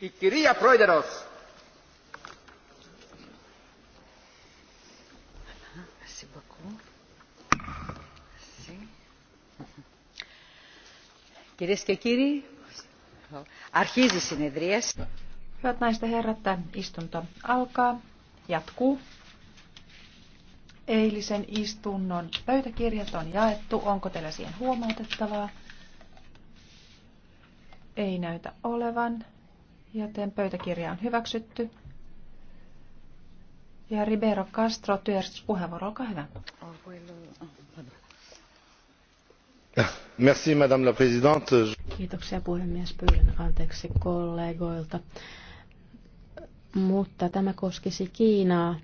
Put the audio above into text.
Η κυρία Πρόεδρος. Κυρίες και κύριοι, αρχίζει η συνεδρίαση. Hyvät naiset ja herrat, istunto alkaa, jatkuu. Eilisen istunnon pöytäkirjat on jaettu. Onko teillä siihen huomautettavaa? Ei näytä olevan. Joten pöytäkirja on hyväksytty. Ja Ribeiro Castro, työjärjestyspuheenvuoro, olkaa hyvä. Merci, madame la présidente. Kiitoksia puhemies. Pyydän anteeksi kollegoilta. Mutta tämä koskisi Kiinaa.